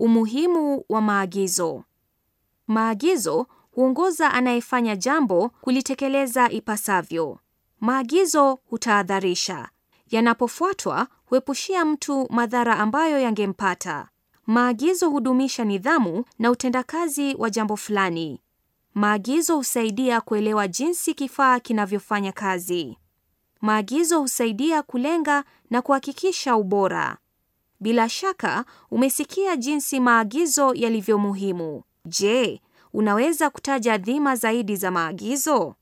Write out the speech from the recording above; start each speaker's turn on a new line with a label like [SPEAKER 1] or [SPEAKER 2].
[SPEAKER 1] Umuhimu wa maagizo. Maagizo huongoza anayefanya jambo kulitekeleza ipasavyo. Maagizo hutahadharisha, yanapofuatwa huepushia mtu madhara ambayo yangempata. Maagizo hudumisha nidhamu na utendakazi wa jambo fulani. Maagizo husaidia kuelewa jinsi kifaa kinavyofanya kazi. Maagizo husaidia kulenga na kuhakikisha ubora. Bila shaka umesikia jinsi maagizo yalivyo muhimu. Je, unaweza kutaja dhima zaidi
[SPEAKER 2] za maagizo?